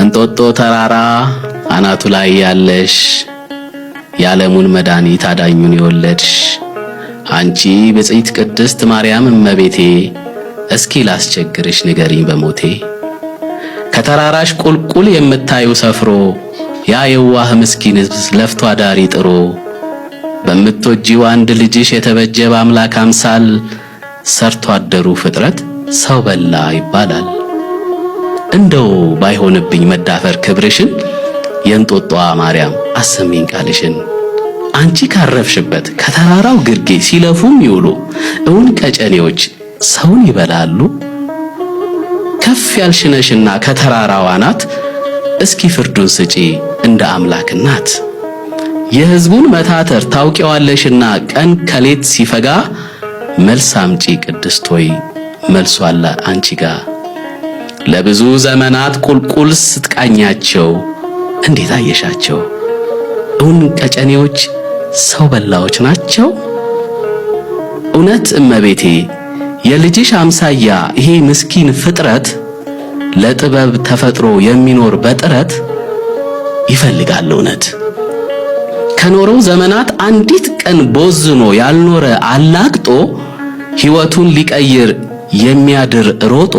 እንጦጦ ተራራ አናቱ ላይ ያለሽ የዓለሙን መድኃኒት አዳኙን የወለድሽ አንቺ ብጽይት ቅድስት ማርያም እመቤቴ እስኪ ላስቸግርሽ ንገሪኝ በሞቴ። ከተራራሽ ቁልቁል የምታዩ ሰፍሮ ያ የዋህ ምስኪን ሕዝብ ለፍቶ አዳሪ ጥሮ በምትወጂው አንድ ልጅሽ የተበጀ በአምላክ አምሳል ሰርቶ አደሩ ፍጥረት ሰው በላ ይባላል። እንደው ባይሆንብኝ መዳፈር ክብርሽን የእንጦጧ ማርያም አሰሚኝ ቃልሽን አንቺ ካረፍሽበት ከተራራው ግርጌ ሲለፉም ይውሉ እውን ቀጨኔዎች ሰውን ይበላሉ። ከፍ ያልሽነሽና ከተራራዋ ናት እስኪ ፍርዱን ስጪ እንደ አምላክ ናት። የሕዝቡን መታተር ታውቂዋለሽና ቀን ከሌት ሲፈጋ መልስ አምጪ ቅድስት ሆይ መልሷላ አንቺ ጋር ለብዙ ዘመናት ቁልቁል ስትቃኛቸው እንዴት አየሻቸው? እውን ቀጨኔዎች ሰው በላዎች ናቸው? እውነት እመቤቴ የልጅሽ አምሳያ ይሄ ምስኪን ፍጥረት ለጥበብ ተፈጥሮ የሚኖር በጥረት ይፈልጋል እውነት ከኖረው ዘመናት አንዲት ቀን ቦዝኖ ያልኖረ አላግጦ ሕይወቱን ሊቀይር የሚያድር ሮጦ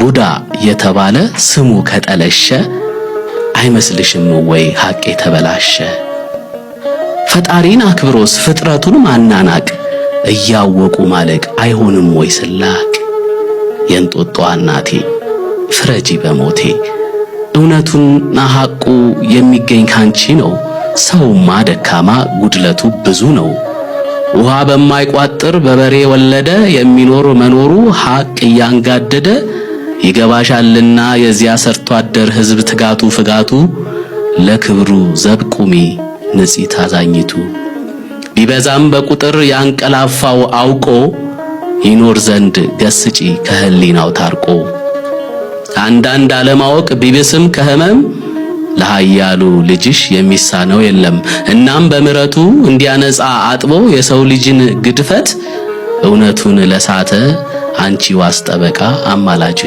ቡዳ የተባለ ስሙ ከጠለሸ አይመስልሽም ወይ ሐቅ የተበላሸ? ፈጣሪን አክብሮስ ፍጥረቱን ማናናቅ እያወቁ ማለቅ አይሆንም ወይ ስላቅ? የእንጦጦ እናቴ ፍረጂ በሞቴ እውነቱና ሐቁ የሚገኝ ካንቺ ነው። ሰውማ ደካማ ጉድለቱ ብዙ ነው። ውሃ በማይቋጥር በበሬ ወለደ የሚኖር መኖሩ ሐቅ እያንጋደደ ይገባሻልና የዚያ ሰርቶ አደር ሕዝብ ትጋቱ ፍጋቱ ለክብሩ ዘብቁሚ ንጽ ታዛኝቱ ቢበዛም በቁጥር ያንቀላፋው አውቆ ይኖር ዘንድ ገስጪ ከህሊናው ታርቆ አንዳንድ አለማወቅ ቢብስም ከህመም ለሃያሉ ልጅሽ የሚሳነው የለም። እናም በምረቱ እንዲያነጻ አጥቦ የሰው ልጅን ግድፈት እውነቱን ለሳተ አንቺ ዋስ ጠበቃ አማላጅ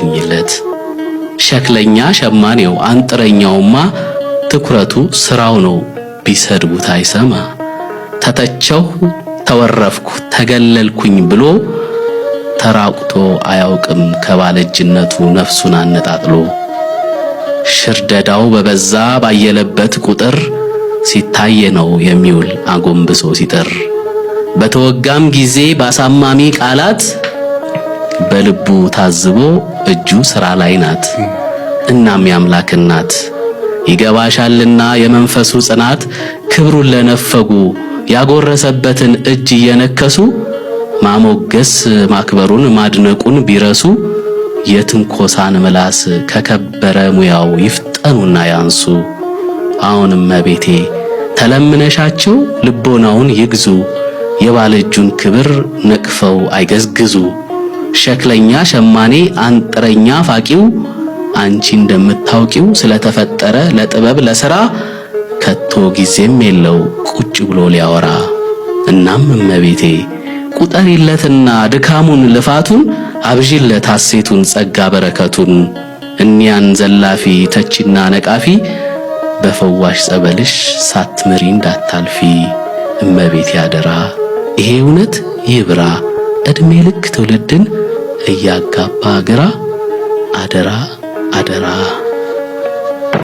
ሸክለኛ ሸማኔው አንጥረኛውማ ትኩረቱ ስራው ነው ቢሰድቡት አይሰማ። ተተቸው ተወረፍኩ ተገለልኩኝ ብሎ ተራቁቶ አያውቅም ከባለጅነቱ ነፍሱን አነጣጥሎ። ሽርደዳው በበዛ ባየለበት ቁጥር ሲታየ ነው የሚውል አጎንብሶ ሲጥር። በተወጋም ጊዜ ባሳማሚ ቃላት በልቡ ታዝቦ እጁ ሥራ ላይ ናት። እናም የአምላክ እናት ይገባሻልና የመንፈሱ ጽናት ክብሩን ለነፈጉ ያጎረሰበትን እጅ እየነከሱ ማሞገስ ማክበሩን ማድነቁን ቢረሱ የትንኮሳን ምላስ ከከበረ ሙያው ይፍጠኑና ያንሱ። አሁንም መቤቴ ተለምነሻቸው ልቦናውን ይግዙ፣ እጁን ክብር ነቅፈው አይገዝግዙ። ሸክለኛ፣ ሸማኔ፣ አንጥረኛ ፋቂው አንቺ እንደምታውቂው ስለተፈጠረ ለጥበብ ለሥራ ከቶ ጊዜም የለው ቁጭ ብሎ ሊያወራ። እናም እመቤቴ ቁጠሪለትና ድካሙን ልፋቱን አብዥለት ሐሴቱን ጸጋ በረከቱን እኒያን ዘላፊ ተቺና ነቃፊ በፈዋሽ ጸበልሽ ሳትምሪ እንዳታልፊ እመቤቴ አደራ ይሄ እውነት ይብራ ዕድሜ ልክ ትውልድን እያጋባ ግራ አደራ አደራ